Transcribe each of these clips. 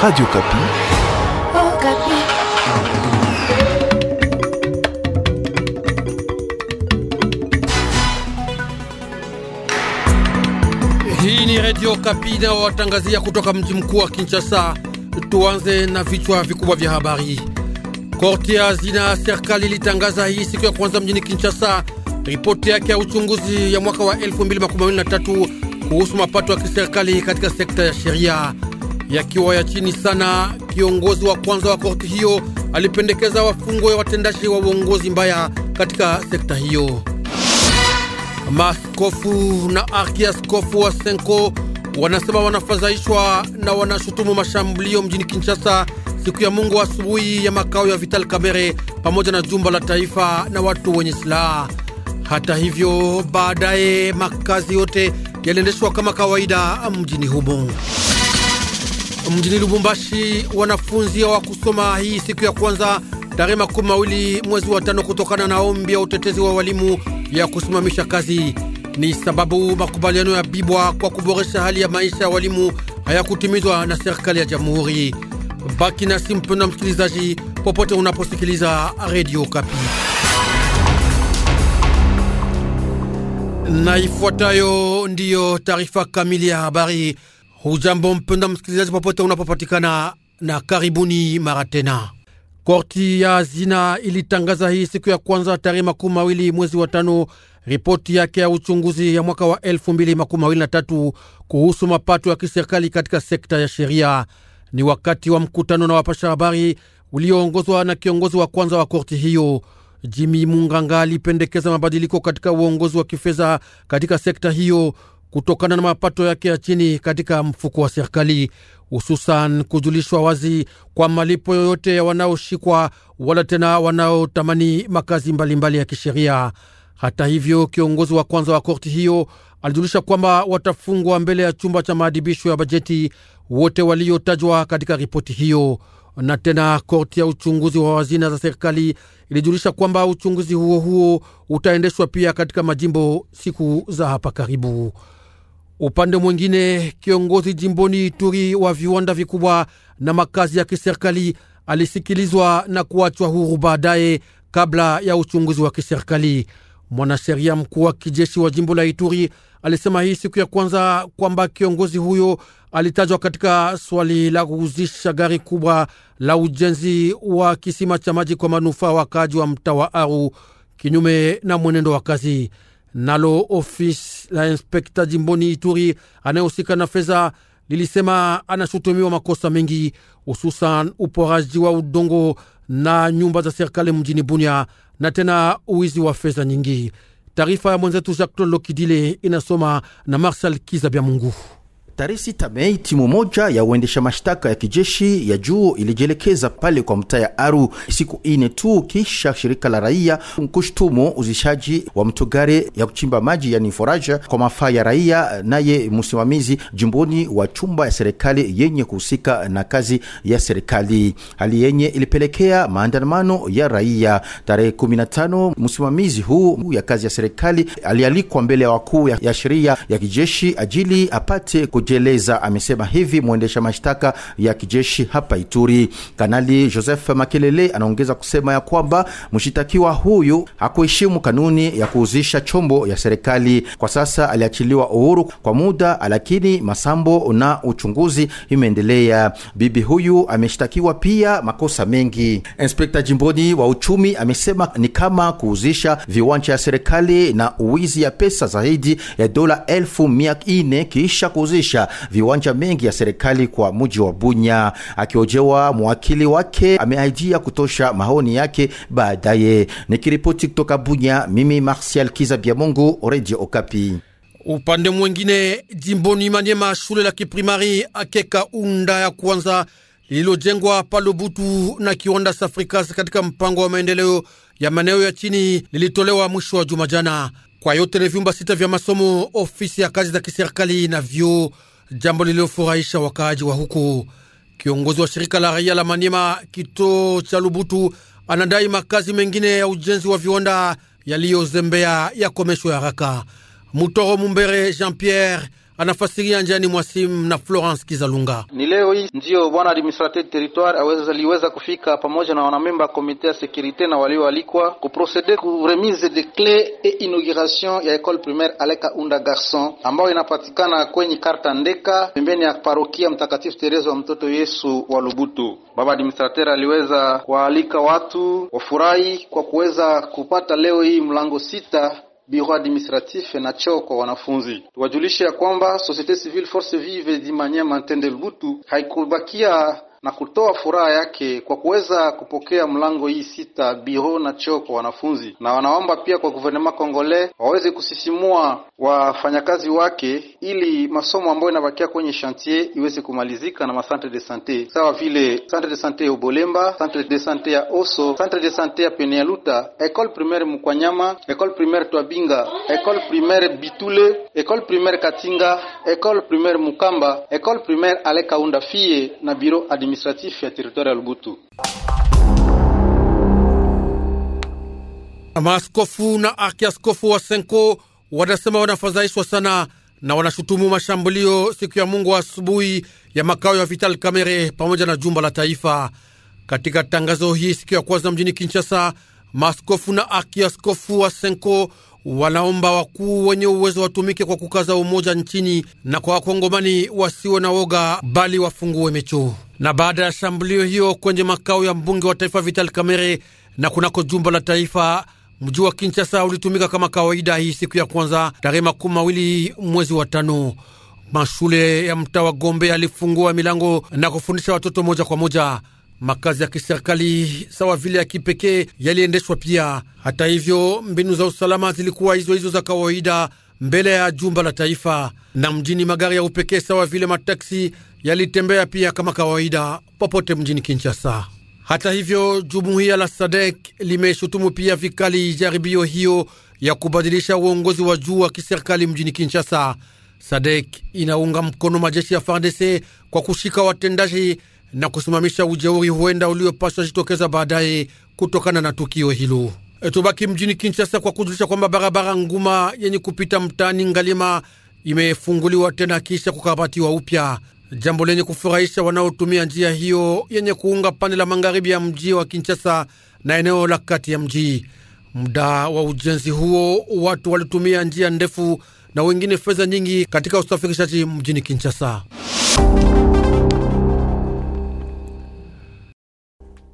Radio Kapi. Oh, Kapi. Hii ni Radio Kapi watangazia kutoka mji mkuu wa Kinshasa. Tuanze na vichwa vikubwa vya habari. Korti ya zina ya serikali ilitangaza hii siku ya kwanza mjini Kinshasa ripoti yake ya uchunguzi ya mwaka wa 2023 kuhusu mapato ya kiserikali katika sekta ya sheria yakiwa ya chini sana. Kiongozi wa kwanza wa korti hiyo alipendekeza wafungwe watendaji wa uongozi mbaya katika sekta hiyo. maskofu na arkiaskofu wa Senko wanasema wanafadhaishwa na wanashutumu mashambulio mjini Kinshasa siku ya Mungu asubuhi ya makao ya Vital Kamerhe pamoja na jumba la taifa na watu wenye silaha. Hata hivyo, baadaye makazi yote yaliendeshwa kama kawaida mjini humo mjini Lubumbashi, wanafunzi kusoma hii siku ya kwanza tarehe makumi mawili mwezi wa tano kutokana na ombi ya utetezi wa walimu ya kusimamisha kazi. Ni sababu makubaliano ya Bibwa kwa kuboresha hali ya maisha ya walimu hayakutimizwa na serikali ya jamhuri. Baki nasi mpenda msikilizaji, popote unaposikiliza redio Kapi, na ifuatayo ndiyo taarifa kamili ya habari. Hujambo mpenda msikilizaji, popote unapopatikana na karibuni mara tena. Korti ya Zina ilitangaza hii siku ya kwanza tarehe makumi mawili mwezi wa tano ripoti yake ya uchunguzi ya mwaka wa elfu mbili makumi mawili na tatu kuhusu mapato ya kiserikali katika sekta ya sheria. Ni wakati wa mkutano na wapasha habari ulioongozwa na kiongozi wa kwanza wa korti hiyo Jimi Munganga alipendekeza mabadiliko katika uongozi wa kifedha katika sekta hiyo kutokana na mapato yake ya chini katika mfuko wa serikali, hususan kujulishwa wazi kwa malipo yoyote ya wanaoshikwa wala tena wanaotamani makazi mbalimbali mbali ya kisheria. Hata hivyo, kiongozi wa kwanza wa korti hiyo alijulisha kwamba watafungwa mbele ya chumba cha maadhibisho ya bajeti wote waliotajwa katika ripoti hiyo. Na tena korti ya uchunguzi wa wazina za serikali ilijulisha kwamba uchunguzi huo huo utaendeshwa pia katika majimbo siku za hapa karibu. Upande mwingine, kiongozi jimboni Ituri wa viwanda vikubwa na makazi ya kiserikali alisikilizwa na kuachwa huru baadaye kabla ya uchunguzi wa kiserikali. Mwanasheria mkuu wa kijeshi wa jimbo la Ituri alisema hii siku ya kwanza kwamba kiongozi huyo alitajwa katika swali la kuhuzisha gari kubwa la ujenzi wa kisima cha maji kwa manufaa wakaaji wa mtaa wa Aru kinyume na mwenendo wa kazi. Nalo ofisi la inspekta jimboni Ituri anayehusika na fedha lilisema anashutumiwa makosa mengi, hususan uporaji wa udongo na nyumba za serikali mjini Bunia na tena uwizi wa fedha nyingi. Taarifa ya mwenzetu Jacques Lokidile inasoma na Marshal Kizabya Mungu. Tarehe sita Mei, timu moja ya uendesha mashtaka ya kijeshi ya juu ilijielekeza pale kwa mtaa ya Aru siku ine tu kisha shirika la raia kushtumu uzishaji wa mtogare ya kuchimba maji yani foraja kwa mafaa ya raia. Naye msimamizi jimboni wa chumba ya serikali yenye kuhusika na kazi ya serikali, hali yenye ilipelekea maandamano ya raia tarehe 15. Msimamizi huu ya kazi ya serikali alialikwa mbele ya wakuu ya sheria ya kijeshi ajili apate kujieleza. Amesema hivi mwendesha mashtaka ya kijeshi hapa Ituri, Kanali Joseph Makelele. Anaongeza kusema ya kwamba mshitakiwa huyu hakuheshimu kanuni ya kuuzisha chombo ya serikali. Kwa sasa aliachiliwa uhuru kwa muda, lakini masambo na uchunguzi imeendelea. Bibi huyu ameshtakiwa pia makosa mengi. Inspekta jimboni wa uchumi amesema ni kama kuuzisha viwanja ya serikali na uwizi ya pesa zaidi ya dola elfu mia nne kisha kuuzisha kuimarisha viwanja mengi ya serikali kwa muji wa Bunya. Akiojewa mwakili wake ameahidia kutosha maoni yake baadaye. Nikiripoti kutoka Bunya, mimi Martial Kiza Biamungu, Radio Okapi. Upande mwengine jimboni Manyema, shule la kiprimari Akeka Unda ya kwanza lililojengwa Palobutu na kiwanda Safrikas katika mpango wa maendeleo ya maeneo ya chini lilitolewa mwisho wa juma jana kwa yote ni vyumba sita vya masomo, ofisi ya kazi za kiserikali na vyuo, jambo lililofurahisha wakaaji wa huku Kiongozi wa shirika la raia la Maniema kituo cha Lubutu anadai makazi mengine ya ujenzi wa viwanda yaliyozembea yakomeshwe haraka. Mutoro Mumbere Jean Pierre anafasiria njiani mwasimu na Florence Kizalunga. Ni leo hii ndiyo bwana administrateur territoire aliweza kufika pamoja na wanamemba komite ya sekurite na walioalikwa kuprocede ku remise de cle e inauguration ya ecole primaire Aleka Unda Garçon ambayo inapatikana kwenye karta Ndeka pembeni ya parokia Mtakatifu Tereza wa mtoto Yesu wa Lubutu. Baba administrateur aliweza kuwaalika watu wafurahi kwa kuweza kupata leo hii mlango sita biro administratif na choo kwa wanafunzi. Tuwajulishe ya kwamba Societe Civile Force Vive di Dimanyema Ntende Lubutu haikubakia na kutoa furaha yake kwa kuweza kupokea mlango hii sita biro na choo kwa wanafunzi, na wanaomba pia kwa guvernema Kongole waweze kusisimua wafanyakazi wake ili masomo ambayo inabakia kwenye chantier iweze kumalizika na masante de sante sawa vile centre de sante ya Ubolemba, centre de sante ya Oso, centre de sante ya Penealuta, école primaire Mukwanyama, école primaire Twabinga, école primaire Bitule, école primaire Katinga, école primaire Mukamba, école primaire Alekaunda Fie na biro administratif ya teritoria ya Lubutu. Maaskofu na arkiaskofu wa Senko wanasema wanafadhaishwa sana na wanashutumu mashambulio siku ya Mungu asubuhi ya makao ya Vital Kamerhe pamoja na jumba la taifa. Katika tangazo hii siku ya kwanza mjini Kinshasa, maaskofu na arkiaskofu wa Senko wanaomba wakuu wenye uwezo watumike kwa kukaza umoja nchini na kwa wakongomani wasiwe na woga, bali wafungue micho na baada ya shambulio hiyo kwenye makao ya mbunge wa taifa Vital Kamerhe na kunako jumba la taifa, mji wa Kinshasa ulitumika kama kawaida hii siku ya kwanza tarehe makumi mawili mwezi wa tano. Mashule ya mtaa wa Gombe yalifungua milango na kufundisha watoto moja kwa moja. Makazi ya kiserikali sawa vile ya kipekee yaliendeshwa pia. Hata hivyo, mbinu za usalama zilikuwa hizo hizo za kawaida mbele ya jumba la taifa na mjini. Magari ya upekee sawa vile mataksi yalitembea pia kama kawaida popote mjini Kinshasa. Hata hivyo, jumuiya la Sadek limeshutumu pia vikali jaribio hiyo ya kubadilisha uongozi wa juu wa kiserikali mjini Kinshasa. Sadek inaunga mkono majeshi ya FARDC kwa kushika watendaji na kusimamisha ujeuri huenda uliopaswa jitokeza baadaye kutokana na tukio hilo. Eh, tubaki mjini Kinshasa kwa kujulisha kwamba barabara Nguma yenye kupita mtaani Ngalima imefunguliwa tena kisha kukarabatiwa upya, jambo lenye kufurahisha wanaotumia njia hiyo yenye kuunga pande la magharibi ya mji wa Kinshasa na eneo la kati ya mji. Muda wa ujenzi huo watu walitumia njia ndefu na wengine fedha nyingi katika usafirishaji mjini Kinshasa.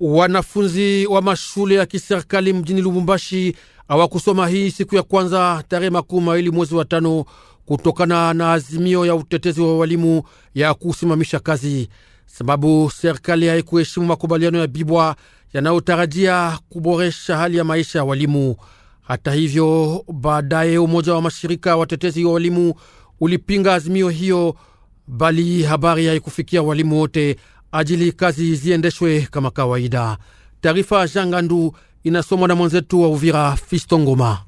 Wanafunzi wa mashule ya kiserikali mjini Lubumbashi hawakusoma hii siku ya kwanza tarehe makumi mawili mwezi wa tano kutokana na azimio ya utetezi wa walimu ya kusimamisha kazi, sababu serikali haikuheshimu makubaliano ya Bibwa yanayotarajia kuboresha hali ya maisha ya walimu. Hata hivyo, baadaye umoja wa mashirika watetezi wa walimu ulipinga azimio hiyo, bali habari haikufikia walimu wote ajili kazi ziendeshwe kama kawaida. Taarifa ya Jangandu inasomwa na mwenzetu wa Uvira, Fisto Ngoma.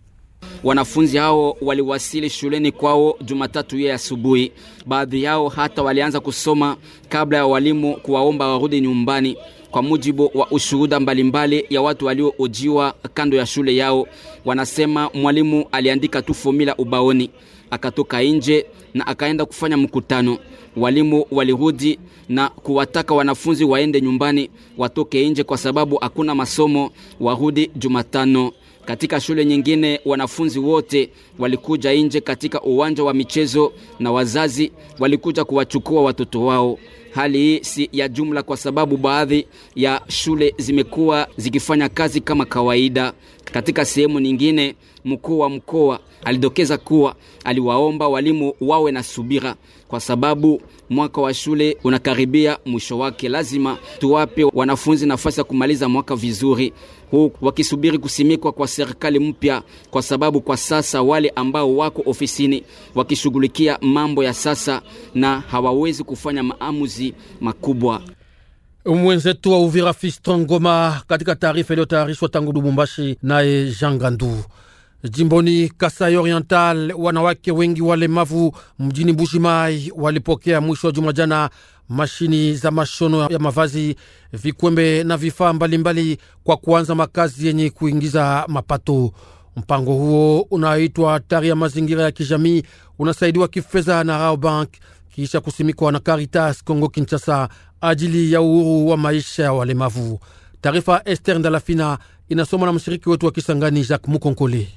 Wanafunzi hao waliwasili shuleni kwao Jumatatu ya asubuhi. Baadhi yao hata walianza kusoma kabla ya walimu kuwaomba warudi nyumbani, kwa mujibu wa ushuhuda mbalimbali ya watu waliohojiwa kando ya shule yao. Wanasema mwalimu aliandika tu fomila ubaoni, akatoka nje na akaenda kufanya mkutano. Walimu walirudi na kuwataka wanafunzi waende nyumbani, watoke nje kwa sababu hakuna masomo, warudi Jumatano. Katika shule nyingine wanafunzi wote walikuja nje katika uwanja wa michezo na wazazi walikuja kuwachukua watoto wao. Hali hii si ya jumla, kwa sababu baadhi ya shule zimekuwa zikifanya kazi kama kawaida. Katika sehemu nyingine, mkuu wa mkoa alidokeza kuwa aliwaomba walimu wawe na subira kwa sababu mwaka wa shule unakaribia mwisho wake. Lazima tuwape wanafunzi nafasi ya kumaliza mwaka vizuri, huku wakisubiri kusimikwa kwa serikali mpya, kwa sababu kwa sasa wale ambao wako ofisini wakishughulikia mambo ya sasa na hawawezi kufanya maamuzi makubwa. Mwenzetu wa Uvira Fiston Ngoma katika taarifa iliyotayarishwa tangu Lubumbashi naye Jean Gandu. Jimboni Kasai Oriental, wanawake wengi walemavu mjini Bushimai walipokea mwisho wa juma jana mashini za mashono ya mavazi, vikwembe na vifaa mbalimbali kwa kuanza makazi yenye kuingiza mapato. Mpango huo unaoitwa Hatari ya Mazingira ya Kijamii unasaidiwa kifedha na Rao Bank kisha kusimikwa na Caritas Congo Kinshasa ajili ya uhuru wa maisha ya walemavu. Taarifa Ester Ndalafina inasoma na mshiriki wetu wa Kisangani Jacques Mukonkole.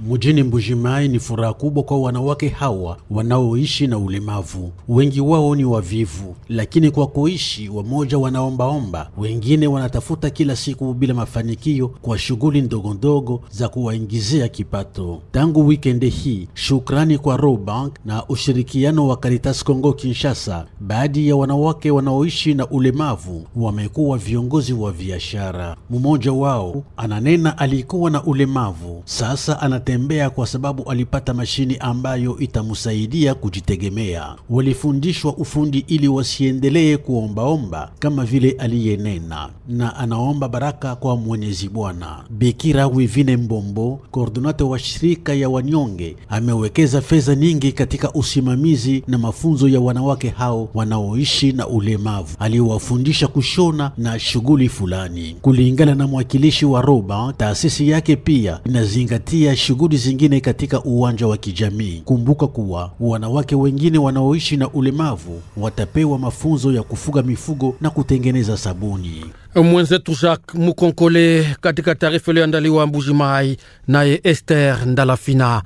Mjini Mbujimai ni furaha kubwa kwa wanawake hawa wanaoishi na ulemavu. Wengi wao ni wavivu, lakini kwa kuishi, wamoja wanaombaomba, wengine wanatafuta kila siku bila mafanikio kwa shughuli ndogo ndogo za kuwaingizia kipato. Tangu wikendi hii, shukrani kwa Robank na ushirikiano wa Caritas Kongo Kinshasa, baadhi ya wanawake wanaoishi na ulemavu wamekuwa viongozi wa biashara. Mmoja wao ananena alikuwa na ulemavu, sasa ana anatembea kwa sababu alipata mashini ambayo itamsaidia kujitegemea. Walifundishwa ufundi ili wasiendelee kuombaomba kama vile aliyenena, na anaomba baraka kwa Mwenyezi Bwana. Bikira Wivine Mbombo, koordinata wa shirika ya wanyonge, amewekeza fedha nyingi katika usimamizi na mafunzo ya wanawake hao wanaoishi na ulemavu. Aliwafundisha kushona na shughuli fulani. Kulingana na mwakilishi wa Roba, taasisi yake pia inazingatia shughuli shughuli zingine katika uwanja wa kijamii. Kumbuka kuwa wanawake wengine wanaoishi na ulemavu watapewa mafunzo ya kufuga mifugo na kutengeneza sabuni. Mwenzetu Jacques Mukonkole katika taarifa iliyoandaliwa Mbujimai naye Esther Ndalafina.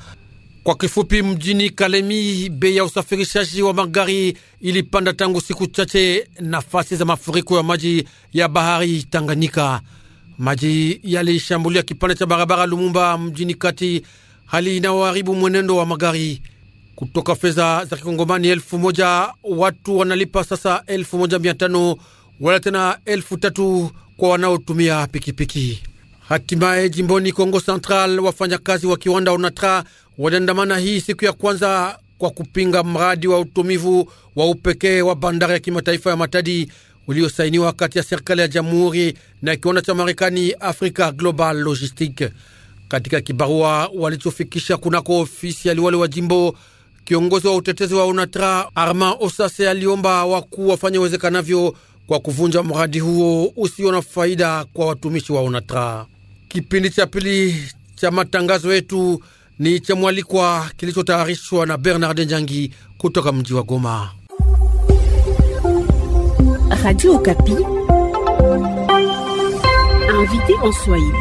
Kwa kifupi, mjini Kalemi, bei ya usafirishaji wa magari ilipanda tangu siku chache, nafasi za mafuriko ya maji ya bahari Tanganyika. Maji yalishambulia kipande cha barabara Lumumba mjini kati, hali inayoharibu mwenendo wa magari. Kutoka fedha za kikongomani elfu moja watu wanalipa sasa elfu moja mia tano wala tena elfu tatu kwa wanaotumia pikipiki. Hatimaye jimboni Kongo Central, wafanyakazi wa kiwanda Onatra waliandamana hii siku ya kwanza kwa kupinga mradi wa utumivu wa upekee wa bandari ya kimataifa ya Matadi uliosainiwa kati ya serikali ya jamhuri na kiwanda cha Marekani Africa Global Logistic. Katika kibarua walichofikisha kunako ofisi ya liwali wa jimbo, kiongozi wa utetezi wa UNATRA Armand Osase aliomba wakuu wafanye wezekanavyo kwa kuvunja mradi huo usio na faida kwa watumishi wa UNATRA. Kipindi cha pili cha matangazo yetu ni cha mwalikwa kilichotayarishwa na Bernard Njangi kutoka mji wa Goma. Radio Okapi. Invité en Swahili.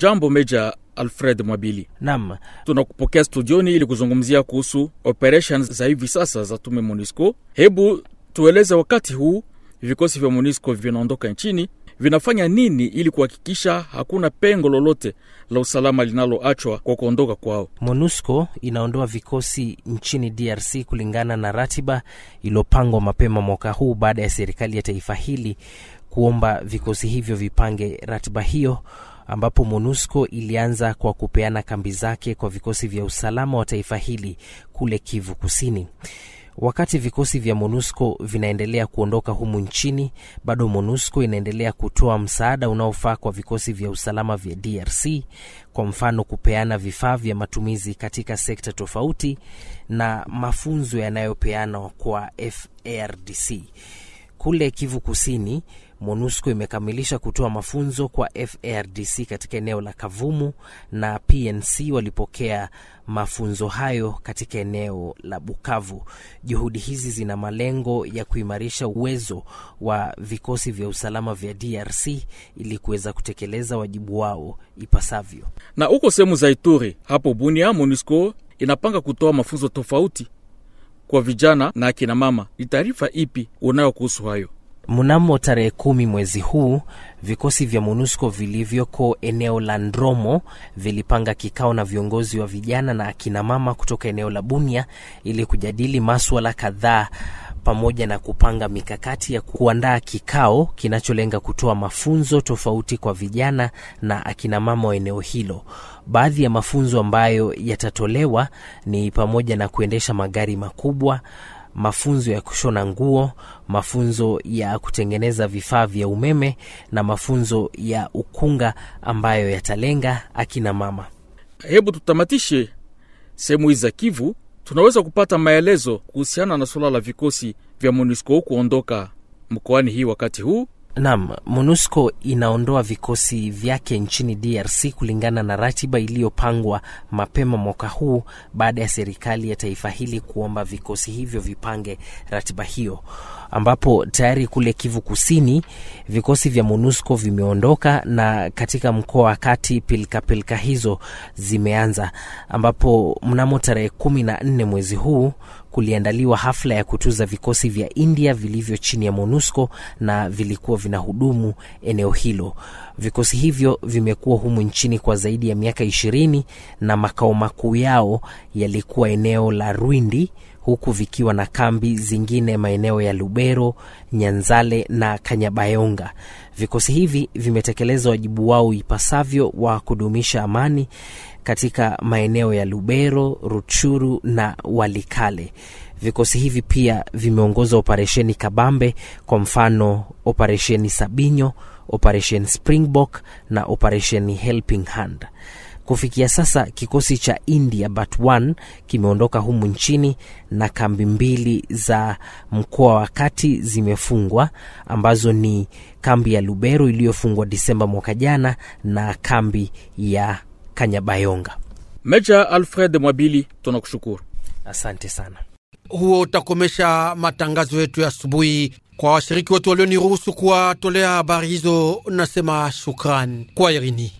Jambo Meja Alfred Mwabili. Naam. Tunakupokea studioni ili kuzungumzia kuhusu operations za hivi sasa za tume MONUSCO. Hebu tueleze wakati huu vikosi vya MONUSCO vinaondoka nchini vinafanya nini ili kuhakikisha hakuna pengo lolote la usalama linaloachwa kwa kuondoka kwao. MONUSCO inaondoa vikosi nchini DRC kulingana na ratiba iliyopangwa mapema mwaka huu baada ya serikali ya taifa hili kuomba vikosi hivyo vipange ratiba hiyo ambapo MONUSCO ilianza kwa kupeana kambi zake kwa vikosi vya usalama wa taifa hili kule Kivu Kusini. Wakati vikosi vya MONUSCO vinaendelea kuondoka humu nchini, bado MONUSCO inaendelea kutoa msaada unaofaa kwa vikosi vya usalama vya DRC, kwa mfano kupeana vifaa vya matumizi katika sekta tofauti na mafunzo yanayopeanwa kwa FARDC. Kule Kivu Kusini, MONUSCO imekamilisha kutoa mafunzo kwa FARDC katika eneo la Kavumu na PNC walipokea mafunzo hayo katika eneo la Bukavu. Juhudi hizi zina malengo ya kuimarisha uwezo wa vikosi vya usalama vya DRC ili kuweza kutekeleza wajibu wao ipasavyo. Na huko sehemu za Ituri hapo Bunia, MONUSCO inapanga kutoa mafunzo tofauti kwa vijana na akina mama. Ni taarifa ipi unayo kuhusu hayo? Mnamo tarehe kumi mwezi huu vikosi vya MONUSCO vilivyoko eneo la Ndromo vilipanga kikao na viongozi wa vijana na akinamama kutoka eneo la Bunia ili kujadili maswala kadhaa pamoja na kupanga mikakati ya kuandaa kikao kinacholenga kutoa mafunzo tofauti kwa vijana na akinamama wa eneo hilo. Baadhi ya mafunzo ambayo yatatolewa ni pamoja na kuendesha magari makubwa, mafunzo ya kushona nguo, mafunzo ya kutengeneza vifaa vya umeme na mafunzo ya ukunga ambayo yatalenga akina mama. Hebu tutamatishe sehemu hii za Kivu. Tunaweza kupata maelezo kuhusiana na suala la vikosi vya monisco kuondoka mkoani hii wakati huu Naam, MONUSCO inaondoa vikosi vyake nchini DRC kulingana na ratiba iliyopangwa mapema mwaka huu baada ya serikali ya taifa hili kuomba vikosi hivyo vipange ratiba hiyo, ambapo tayari kule Kivu Kusini vikosi vya MONUSCO vimeondoka na katika mkoa wa kati pilikapilika hizo zimeanza, ambapo mnamo tarehe kumi na nne mwezi huu kuliandaliwa hafla ya kutuza vikosi vya India vilivyo chini ya MONUSCO na vilikuwa vinahudumu eneo hilo. Vikosi hivyo vimekuwa humu nchini kwa zaidi ya miaka ishirini na makao makuu yao yalikuwa eneo la Rwindi huku vikiwa na kambi zingine maeneo ya Lubero, Nyanzale na Kanyabayonga. Vikosi hivi vimetekeleza wajibu wao ipasavyo wa kudumisha amani katika maeneo ya Lubero, Ruchuru na Walikale. Vikosi hivi pia vimeongoza operesheni kabambe, kwa mfano operesheni Sabinyo, operesheni Springbok na operesheni Helping Hand. Kufikia sasa kikosi cha India Batwan kimeondoka humu nchini na kambi mbili za mkoa wa kati zimefungwa, ambazo ni kambi ya Lubero iliyofungwa Disemba mwaka jana na kambi ya Kanyabayonga. Meja Alfred Mwabili, tunakushukuru, asante sana. Huo utakomesha matangazo yetu ya asubuhi. Kwa washiriki wetu walioniruhusu kuwatolea habari hizo, nasema shukrani kwa Irini.